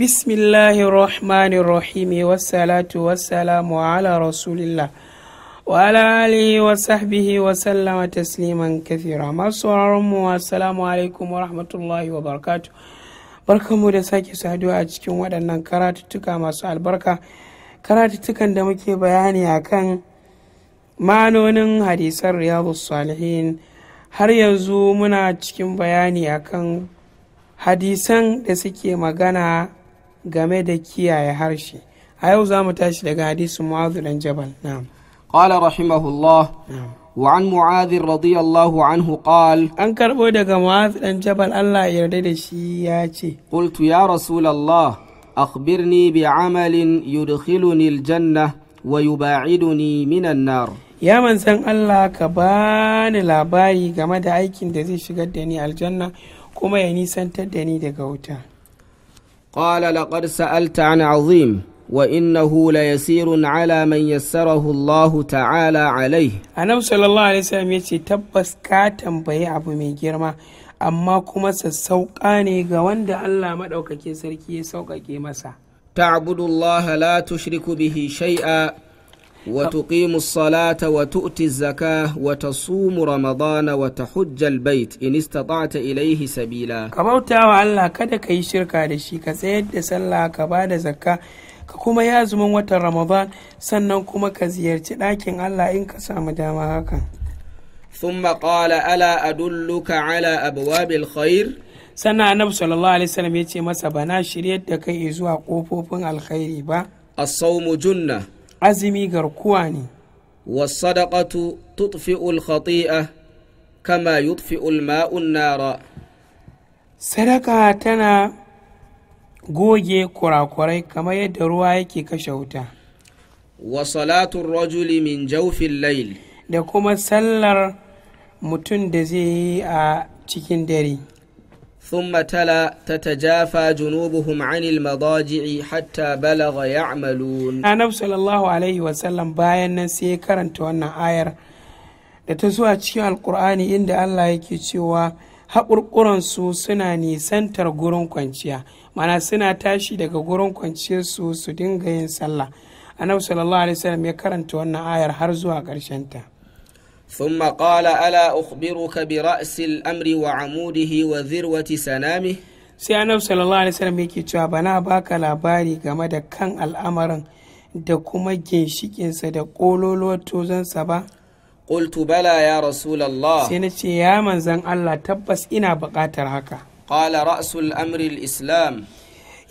bismillahirrahmanirrahim wassalatu wassalamu ala rasulillah wa ala alihi wa sahbihi wa sallama tasliman kathira masu mu assalamu alaikum wa rahmatullahi wa barkatu. barkanmu da sake saduwa a cikin waɗannan karatuttuka masu albarka karatuttukan da muke bayani akan manonin hadisan riyadu salihin har yanzu muna cikin bayani akan hadisan da suke magana game da kiyaye harshe a yau za mu tashi daga hadisin mu'adhu dan jabal na'am qala rahimahullah wa an mu'adh radiyallahu anhu qal an karbo daga mu'adh dan jabal Allah ya yarda da shi ya ce qultu ya rasulullah akhbirni bi amalin yudkhiluni aljanna wa yubaiduni minan nar ya manzan Allah ka bani labari game da aikin da zai shigar da ni aljanna kuma ya nisantar da ni daga wuta قال لقد سألت عن عظيم وإنه ليسير على من يسره الله تعالى عليه أنا صلى الله عليه وسلم يتي تبس كاتم بي أبو من ميجرما أما كما سسوقاني غواند الله مدعوك كي سركي سوقك مسا تعبد الله لا تشرك به شيئا وتقيم الصلاة وتؤتي الزكاة وتصوم رمضان وتحج البيت إن استطعت إليه سبيلا كبوتا وعلا كدا كي شركة ka كسيد سلا كبادة زكاة ka kuma ya azumin watan ramadan sannan kuma ka ziyarci ɗakin allah in ka samu dama hakan ثم قال ألا أدلك على أبواب الخير sana annabi sallallahu alaihi wasallam ya ce masa bana shiryar da kai zuwa kofofin alkhairi ba as junna azumi garkuwa ne Wasadaƙatu tutfi'ul khati'a kama yutfi'ul ma'un nara sadaka tana goge kurakurai kamar yadda ruwa yake kashe wuta wa salatun rajuli min jaufin lail da kuma sallar mutum da zai yi a cikin dare ثم تلا تتجافى جنوبهم عن المضاجع حتى بلغ يعملون النبي صلى الله عليه وسلم bayan nan sai karanta wannan ayar da ta zuwa cikin alkur'ani inda Allah yake cewa haƙurƙuransu suna nisantar gurin kwanciya mana suna tashi daga gurin kwanciyarsu su dinga yin sallah annabi sallallahu alaihi wasallam ya karanta wannan ayar har zuwa ƙarshenta. ta ثم قال ألا أخبرك برأس الأمر وعموده وذروة سنامه sai annabi sallallahu alaihi wasallam yake cewa bana baka labari game da kan al'amarin da kuma ginshikinsa da ƙololuwar tozonsa ba qultu bala ya rasulallah sai na ce ya manzan Allah tabbas ina buƙatar haka qala ra'sul amri islam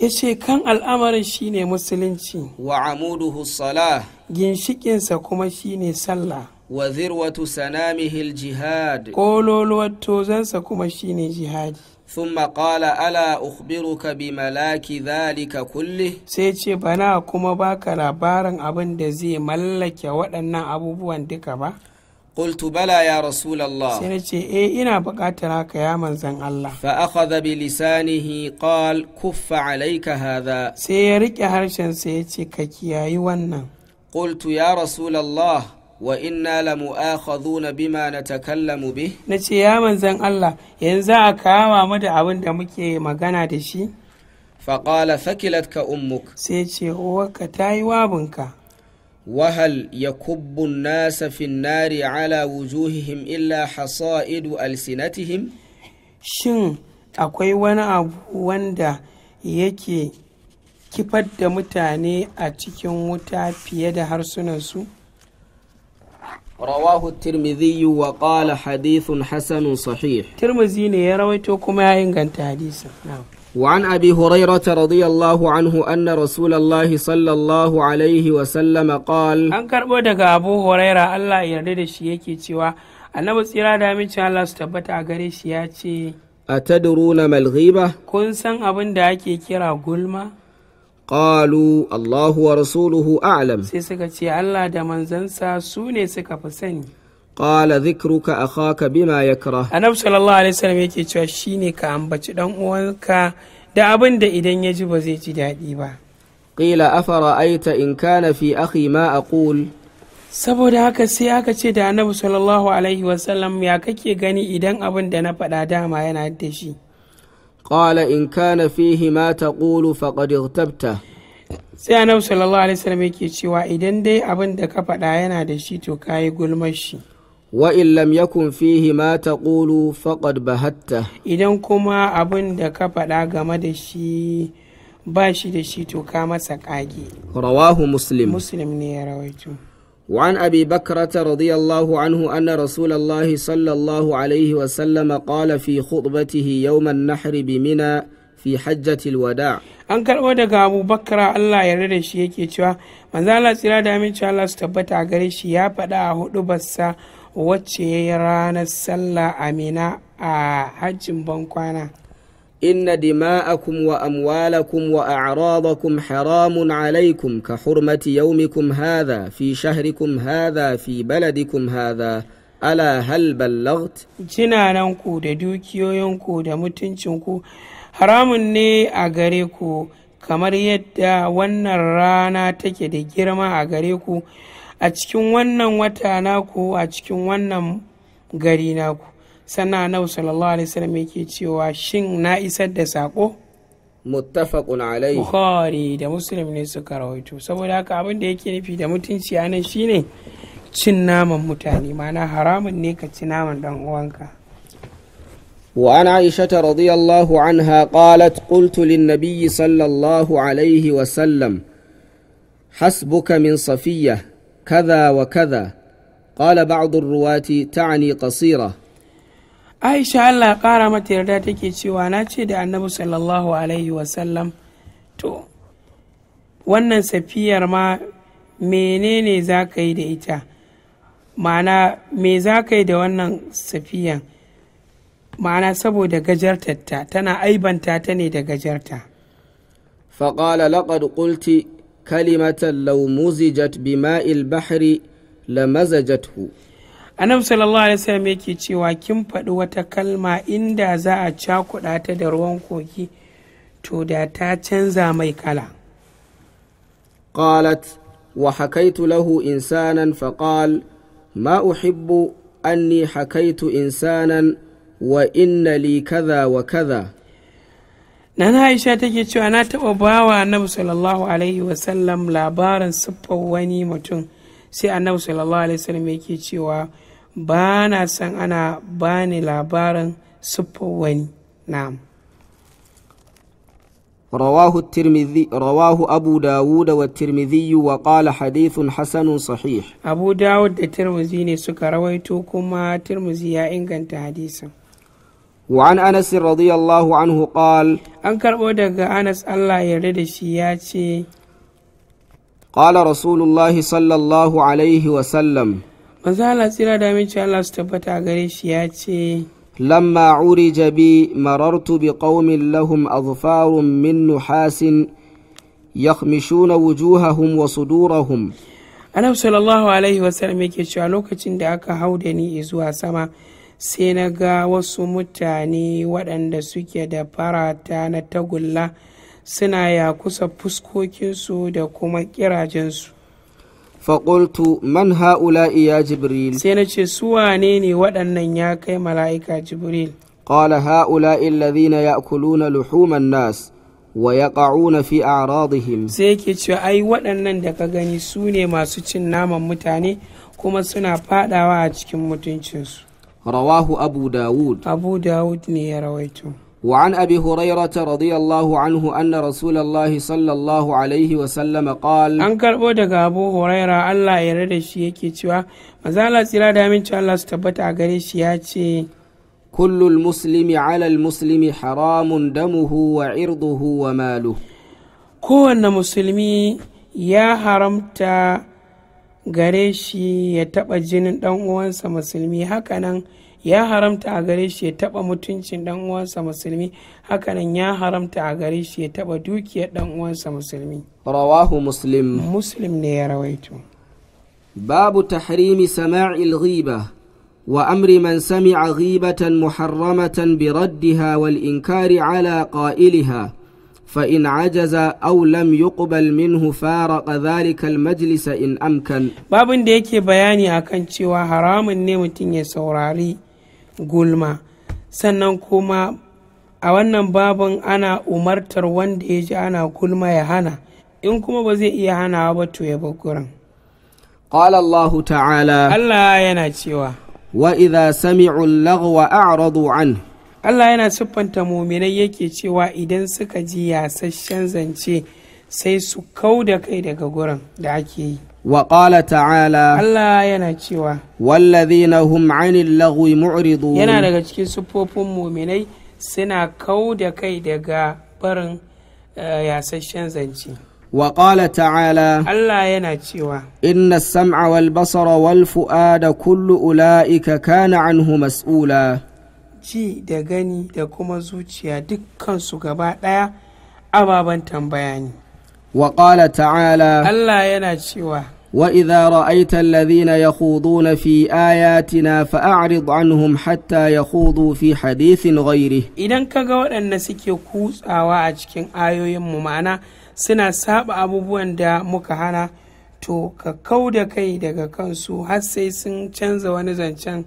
Yace kan al'amarin shine musulunci wa amuduhu salah ginshikinsa kuma shine sallah wa zirwatu sanamihi aljihad kololuwar tozansa kuma shine jihadi thumma qala ala Ukbiruka bi malaki dhalika kulli sai ce bana kuma baka labarin abin da zai mallake waɗannan abubuwan duka ba ya eh, Ina buƙatar haka, manzan Allah. قلت بلى يا رسول الله فأخذ بلسانه قال كف عليك هذا قلت يا رسول الله wa inna la mu'akhadhuna bima natakallamu Na nace ya manzon Allah yanzu a kawo mu da abin da muke magana da shi fakilat ka, ummuk sai ce ta tayi wabinka وهل يكب nasa finnari ala على وجوههم إلا idu alsinatihim shin akwai wani abu wanda yake kifar da mutane a cikin wuta fiye da harsunansu rawahu tirmizi wa kala hadithun hasanun sahih tirmizi ne ya rawaito kuma ya inganta hadisa wa an abi huraira ta radiyallahu anhu an na rasulallah sallallahu alaihi wa sallama kal an karbo daga abu huraira allah yarda da shi yake cewa a tsira matsira da amincin allah su tabbata a gare shi ya ce a ta duru na kun san abin da ake kira gulma qalu Allahu wa rasuluhu a'lam sai suka ce Allah da manzansa su ne suka fi sani qala dhikruka ya kira. A annabi sallallahu alaihi wasallam yake cewa shine ka ambaci ɗan uwanka da abin da idan ya ji ba zai ji daɗi ba qila aita in na fi akhi ma aqul saboda haka sai aka ce da annabi sallallahu alaihi wasallam ya kake gani idan abin da na faɗa dama yana da shi قال إن كان فيه ما تقول فقد اغتبته sai annabi sallallahu alaihi wasallam yake cewa idan dai abin da ka faɗa yana da shi to ka yi gulmar shi wa in lam yakun fihi ma taqulu faqad bahatta idan kuma abin da ka faɗa game da shi ba shi da shi to ka masa ƙage. rawahu muslim muslim ne ya rawaito وعن أبي بكرة رضي الله عنه أن رسول الله صلى الله عليه وسلم قال في خطبته يوم النحر بمنى fi hajjatil wada an karɓo daga abu bakara allah yarda da shi yake cewa manzo allah tsira da aminci allah su tabbata a shi ya faɗa a hudu wacce ya ranar sallah amina a hajjin bankwana إن دماءكم وأموالكم وأعراضكم حرام عليكم كحرمة يومكم هذا في شهركم هذا في بلدكم هذا ألا هل بلغت؟ جنانكو da dukiyoyinku da mutuncinku haramun ne a gare kamar yadda wannan rana take da girma a gare ku a cikin wannan wata naku a cikin wannan gari naku sannan annabi sallallahu alaihi wasallam yake cewa shin na isar da sako muttafaqun alaihi bukhari da muslim ne suka rawaito saboda haka abin da yake nufi da mutunci anan shine cin naman mutane mana haramun ne ka ci naman dan uwanka وعن عائشة رضي الله عنها قالت قلت للنبي صلى الله عليه وسلم حسبك من صفية كذا وكذا قال بعض الرواة تعني قصيرة aisha allah ƙara mata yarda take cewa na ce da annabi sallallahu alaihi wasallam to wannan safiyar ma menene za ka yi da ita ma'ana me za ka yi da wannan safiyan ma'ana saboda gajartarta tana aibanta ta ne da gajarta faƙala laƙad ƙulti kalimatan laumuzijat bima'il bahri lamazajathu annabi sallallahu alaihi wasallam yake cewa kin faɗi wata kalma inda za a cakuɗa ta da ruwan koki to da ta canza mai kala qalat wa hakaitu lahu insanan faqal ma uhibbu anni hakaitu insanan wa inna li kaza wa kaza nana aisha take cewa na taɓa bawa annabi sallallahu alaihi wasallam labarin siffar wani mutum sai annabi sallallahu alaihi wasallam yake cewa ba na san ana ba ni labarin siffar wani na'am rawahu tirmidhi rawahu abu wa tirmidhi wa qala hadithun hasanun sahih abu dawud da tirmidhi ne suka rawaito kuma tirmidhi ya inganta hadisin وعن أنس رضي الله عنه قال أنكر أودك أنس الله يرد قال رسول الله صلى الله عليه وسلم maza Allah tsira da Allah su tabbata gare shi ya ce lamma uri jabi marartu bi qaumin lahum azfarun min nuhasin yakhmishuna wujuhahum wa sudurahum annabi sallallahu alaihi wasallam yake cewa lokacin da aka hau da ni zuwa sama sai na ga wasu mutane waɗanda suke da farata na tagulla suna ya kusa fuskokinsu da kuma kirajensu. faƙultu man haula, iya jibril sai na ce su wane ne waɗannan ya kai mala'ika jibril qala ya alladhina na luhuman nas wa na fi a'radihim sai ke ce ai waɗannan da ka gani su ne masu cin naman mutane kuma suna fadawa a cikin mutuncinsu rawahu abu dawud abu dawud ne ya rawaito وعن أبي هريرة رضي الله عنه أن رسول الله صلى الله عليه وسلم قال أن كربو دغا أبو هريرة الله يرد شي yake cewa manzo Allah tsira da aminci Allah su tabbata a gare shi ya ce kullul muslimi ala al muslimi haramun damuhu wa irduhu malu kowanne musulmi ya haramta gare shi ya taɓa jinin dan uwansa musulmi hakanan nan ya haramta a gare shi ya taɓa mutuncin ɗan uwansa musulmi hakanan ya haramta a gare shi ya taɓa dukiyar ɗan uwansa musulmi rawahu muslim muslim ne ya rawaito babu tahrimi sama'il ghiba wa amri man sami'a ghibatan muharramatan bi raddiha wal inkari ala qa'iliha فإن عجز أو لم يقبل منه فارق ذلك المجلس إن أمكن babun da yake bayani akan cewa haramun ne mutum ya saurari gulma sannan kuma a wannan babin ana umartar wanda ya ji ana gulma ya hana in kuma ba zai iya hanawa ba to ya bar gurin قال الله تعالى الله yana cewa وإذا سمعوا اللغو Allah yana siffanta muminai yake cewa idan suka ji yasasshen zance sai su kau da kai daga gurin da ake yi wa ƙala ta'ala Allah yana cewa wallazina hum 'anil lagwi mu'ridun yana daga cikin siffofin muminai suna kau da kai daga barin eh, yasasshen zance wa ƙala ta'ala Allah yana cewa inna sam'a wal basara wal da kullu ula'ika kana anhu mas'ula ji da gani da kuma zuciya dukkan su gaba ɗaya ababen tambaya ne wa qala ta'ala Allah yana cewa wa idza ra'aita alladhina yakhuduna fi ayatina fa'rid anhum hatta yakhudu fi hadithin ghairi idan ka ga waɗanda suke kutsawa a cikin ayoyin mu ma'ana suna saba abubuwan da muka hana to ka kau da kai daga kansu har sai sun canza wani zancen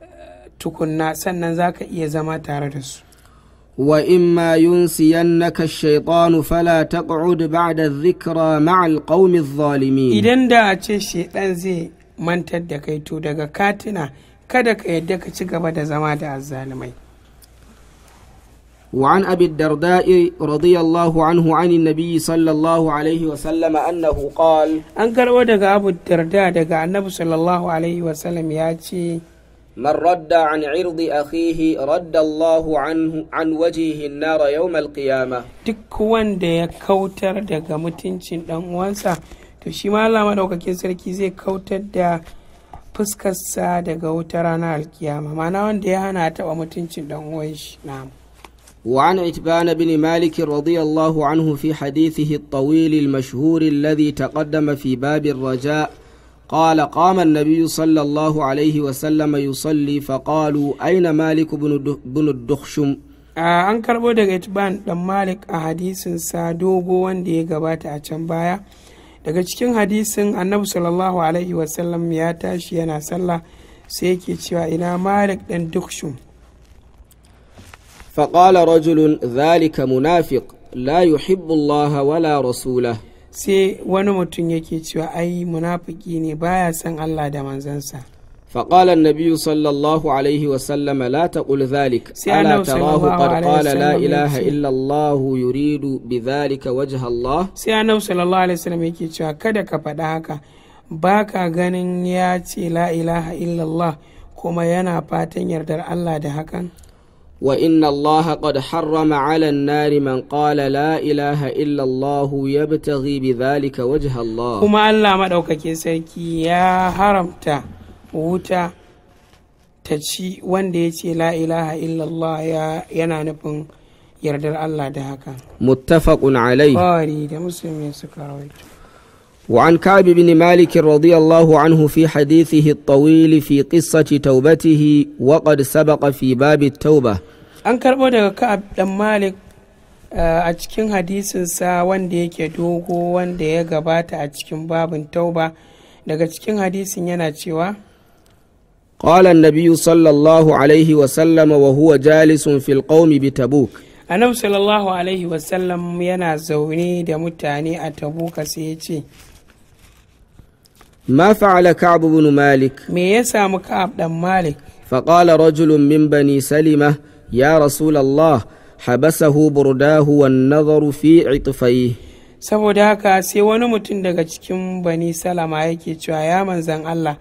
eh, tukunna sannan za ka iya zama tare da su wa in ma siyan na ka shaiɗanu fala ta ƙa'u da ba da zikira ma'al Idan da a ce shaiɗan zai mantar da kai to daga katina kada ka yarda ka ci gaba da zama da azalimai. Wa an abin darda'i radiyallahu anhu ani nabi sallallahu alaihi wa sallama an na hukal. An karɓo daga abin darda daga annabi sallallahu alaihi wa sallam ya ce. من radda an عرض أخيه رد الله عنه عن وجهه النار يوم القيامة duk wanda ya kautar daga mutuncin dan uwansa to shi ma Allah madaukakin sarki zai kautar da fuskarsa daga wata rana alkiyama mana wanda ya hana taɓa mutuncin dan uwan shi na'am وعن عتبان بن مالك رضي الله عنه في حديثه الطويل المشهور الذي fi babin raja. قال قام النبي صلى الله عليه وسلم يصلي فقالوا أين مالك بن الدخشم an karbo daga itban dan malik a hadisin sa dogo wanda ya gabata a can baya daga cikin hadisin annabi sallallahu alaihi wasallam ya tashi yana sallah sai yake cewa ina malik dan dukshum فقال rajulun ذلك munafiq la يحب الله wala رسوله sai wani mutum yake cewa ai munafiki ne baya san Allah da manzansa فقال النبي صلى الله عليه وسلم لا تقل ذلك ألا تراه قد قال لا إله إلا الله يريد بذلك وجه الله سيانا صلى الله عليه وسلم يكي cewa kada ka faɗa haka baka ganin ya ce la ilaha illallah kuma yana fatan yardar Allah da hakan wa inna Allah kad harrama alan nariman man la ilaha illallahu ya bi ribi zalika wajen Kuma Allah maɗaukake sarki ya haramta wuta ta ci wanda ya ce la ilaha illallah yana nufin yardar Allah da haka. Mutafaƙun alai. Bawari da musulmi su karawaitu. وعن كعب بن مالك رضي الله عنه في حديثه الطويل في قصة توبته وقد سبق في باب التوبة an karɓo daga ka'ab dan malik eh, a cikin hadisinsa wanda yake dogo wanda ya gabata a cikin babin tauba daga cikin hadisin yana cewa biyu sallallahu alaihi الله عليه وسلم وهو جالس في القوم بتبوك annabi sallallahu alaihi wasallam yana zaune da mutane a tabuka sai ya ce ma fa'ala ka'ab ibn malik me ya samu ka'ab ɗan malik faƙala rajulun min bani salima ya rasulullah habasahu burdahu wan nazaru fi itfayhi saboda haka sai wani mutum daga cikin bani salama yake cewa ya manzan Allah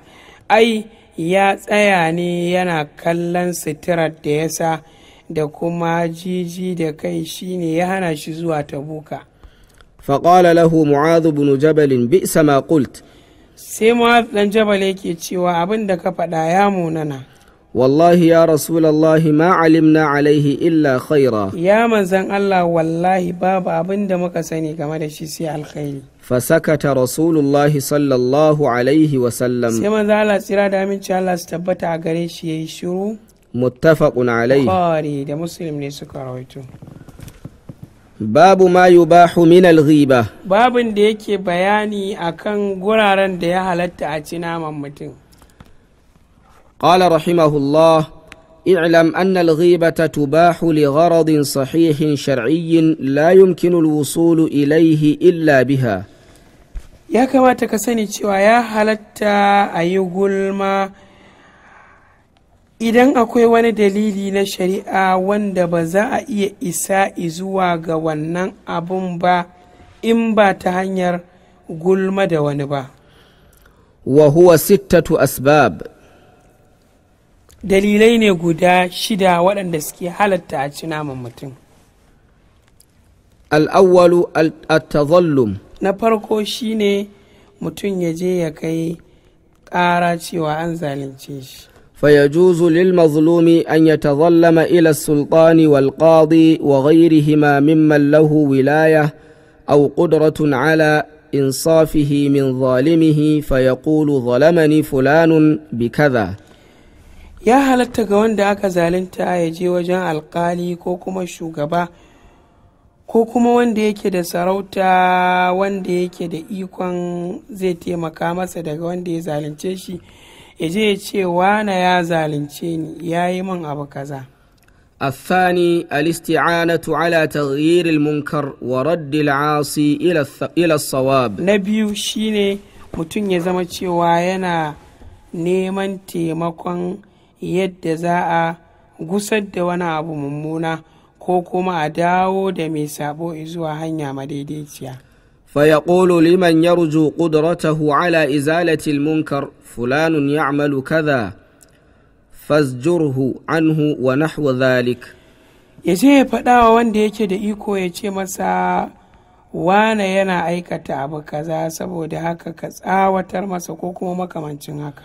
ai ya tsaya ne yana kallon sitirar da ya sa da kuma jiji da kai shine ya hana shi zuwa tabuka فقال له معاذ بن jabalin بئس sama ƙult. sai mu'az dan jabal yake cewa abin da ka faɗa ya munana wallahi ya rasulallahi ma alimna alaihi illa khaira ya manzan Allah wallahi babu abin da muka sani game da shi sai alkhairi fasakata rasulullahi sallallahu alaihi sallam. sai manzan Allah tsira da aminci Allah su tabbata a gare shi yayi shiru muttafaqun alaihi bukhari da muslim ne suka rawaito babu ma yi ba huminal riba babin da yake bayani akan guraren da ya halatta a ci naman mutum ƙala rahimahullah in ilam annal riba ta tuba huli gharadin sahihin shar'iyyin la yumkin ulwusulu ilaihi illa biha ya kamata ka sani cewa ya halatta a yi gulma idan akwai wani dalili na shari'a wanda ba za a iya isa zuwa ga wannan abun ba in ba ta hanyar gulma da wani ba wa huwa sittatu asbab dalilai ne guda shida waɗanda suke halatta a ci naman mutum al'awwalu a tazallum na farko shine mutum ya je ya kai ƙara cewa an zalunce shi mazlumi, an فيجوز للمظلوم أن يتظلم إلى السلطان والقاضي وغيرهما ممن له ولاية أو قدرة على min zalumihi, ظالمه فيقول ظلمني fulanun بكذا ya halatta ga wanda aka zalunta ya je wajen alƙali ko kuma shugaba ko kuma wanda yake da sarauta wanda yake da ikon zai taimaka masa daga wanda ya zalunce shi ya je ya ce wana ya zalunce ni ya yi min abu kaza الثاني الاستعانة على تغيير المنكر ila sawab. Na biyu shi ne mutum ya zama cewa yana neman taimakon yadda za a gusar da wani abu mummuna ko kuma a dawo da mai sabo zuwa hanya madaidaiciya فيقول لمن يرجو قدرته على إزالة المنكر فلان يعمل كذا فازجره عنه ونحو ذلك ya je ya faɗawa wanda yake da iko ya ce masa wane yana aikata abu kaza saboda haka ka tsawatar masa ko kuma makamancin haka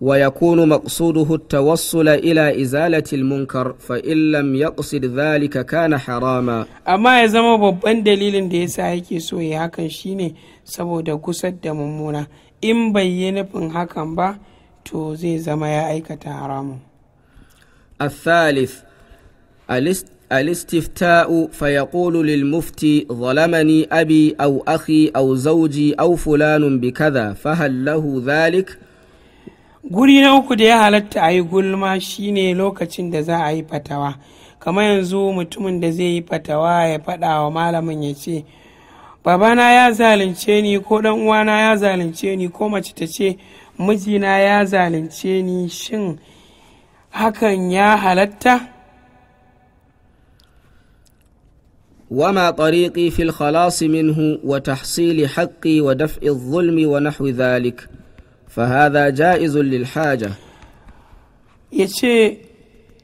ويكون مقصوده التوصل إلى إزالة المنكر فإن لم يقصد ذلك كان حراما أما يزما babban dalilin da yasa yake so ya hakan shine saboda gusar da mummuna in bai yi nufin hakan ba to zai zama ya aikata haramun الثالث الاستفتاء فيقول للمفتي ظلمني أبي أو أخي أو زوجي أو فلان بكذا فهل له ذلك؟ guri na uku da ya halatta a yi gulma shine lokacin da za a yi fatawa kamar yanzu mutumin da zai yi fatawa ya faɗa wa malamin ya ce babana ya zalunce ni ko dan uwana ya zalunce ni ko mace ta ce mijina ya zalunce ni shin hakan ya halatta وما طريقي في الخلاص منه وتحصيل حقي ودفع الظلم ونحو ذلك fahaza ja'izun lilhaja ya ce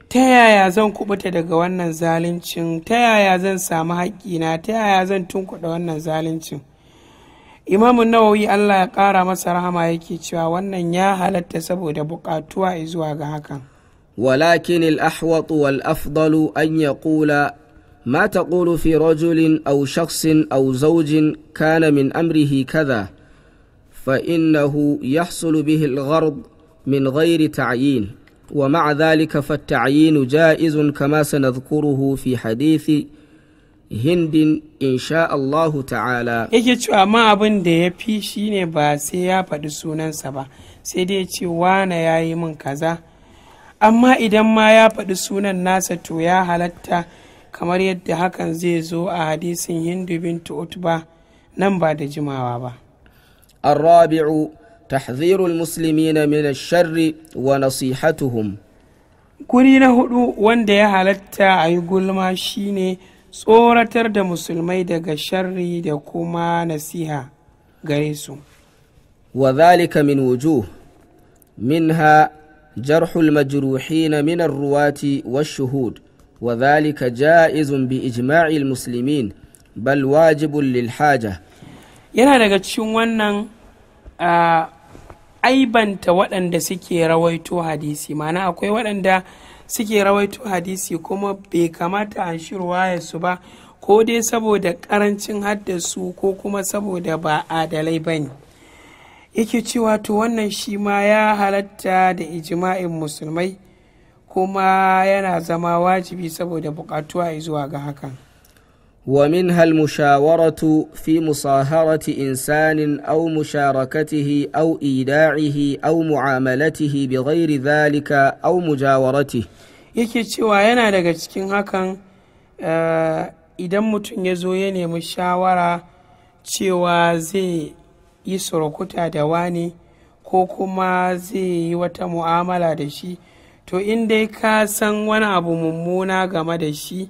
ta yaya zan kubuta daga wannan zaluncin ta yaya zan samu haƙƙina ta yaya zan tunkuɗa wannan zaluncin imamu nawawi allah ya ƙara masa rahama yake cewa wannan ya halatta saboda buƙatuwa zuwa ga hakan ولكن الأحوط والأفضل أن يقول ما تقول في rajulin أو shakhsin أو زوج kana min amrihi kaza فإنه يحصل به الغرض من غير تعيين ومع ذلك فالتعيين جائز كما سنذكره في حديث hindin insha Allahu ta'ala yake cewa ma abin da ya fi shine ba sai ya faɗi sunansa ba sai dai ce wane ya yi min kaza amma idan ma ya faɗi sunan nasa to ya halatta kamar yadda hakan zai zo a hadisin hindu bintu utba nan ba da jimawa ba Rabi'u, الرابع تحذير المسلمين wa الشر ونصيحتهم guri na huɗu wanda ya halatta a yi gulma shine tsoratar da musulmai daga sharri da kuma nasiha gare su wa zalika min wujuh minha jarhul majruhin min ar-ruwati wash-shuhud wa zalika ja'izun bi ijma'il musulmin bal wajibun lil haja yana daga cikin wannan a aibanta waɗanda suke rawaito hadisi mana akwai waɗanda suke rawaito hadisi kuma bai kamata an shirwa ya su ba ko dai saboda ƙarancin haddasu ko kuma saboda ba adalai ba ne yake cewa to wannan shi ma ya halatta da ijima'in musulmai kuma yana zama wajibi saboda buƙatuwa zuwa ga hakan ومنها المشاورة في مصاهرة إنسان أو مشاركته أو إيداعه أو معاملته بغير ذلك أو مجاورته yake cewa yana daga cikin hakan idan mutum ya zo ya nemi shawara cewa zai yi surukuta da wani ko kuma zai yi wata mu'amala da shi to in dai ka san wani abu mummuna game da shi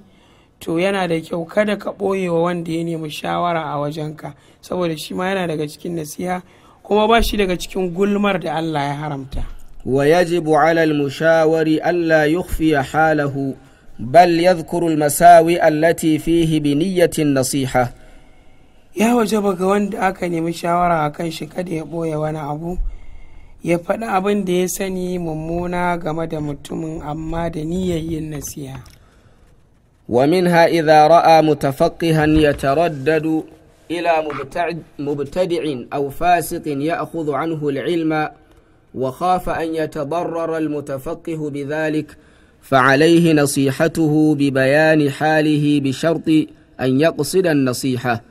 to yana da kyau kada ka ɓoye wa wanda ya nemi shawara a wajenka saboda shi ma yana daga cikin nasiha kuma ba shi daga cikin gulmar da Allah ya haramta wa yajibu ala al-mushawari kufi ya halahu bal yadhkuru al-masawi allati fihi bi niyyatin nasiha ya waje ba ga wanda aka nemi shawara akan shi kada ya ɓoye wani abu ya faɗi abin da ya sani mummuna game da mutumin amma da niyyar yin nasiha ومنها إذا رأى متفقها يتردد إلى مبتدع أو فاسق يأخذ عنه العلم وخاف أن يتضرر المتفقه بذلك فعليه نصيحته ببيان حاله بشرط أن يقصد النصيحة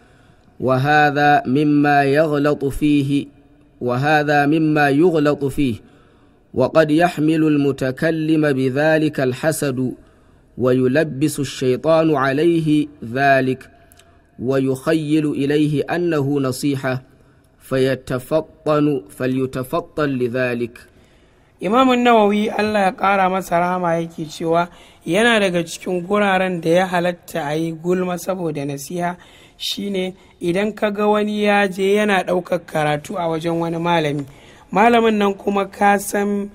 وهذا مما يغلط فيه وهذا مما يغلط فيه وقد يحمل المتكلم بذلك الحسد ويلبس الشيطان عليه ذلك ويخيل إليه أنه نصيحة فيتفطن فليتفطن لذلك imamun nawawi allah ya ƙara masa rama yake cewa yana daga cikin guraren da ya halatta a yi gulma saboda nasiha shine idan ka ga wani ya je yana ɗaukar karatu a wajen wani malami malamin nan kuma ka san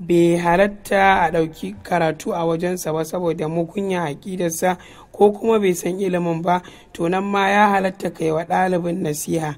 bai halatta a ɗauki karatu a wajensa ba saboda mukunya aƙidarsa ko kuma bai san ilimin ba to nan ma ya halatta kai wa ɗalibin nasiha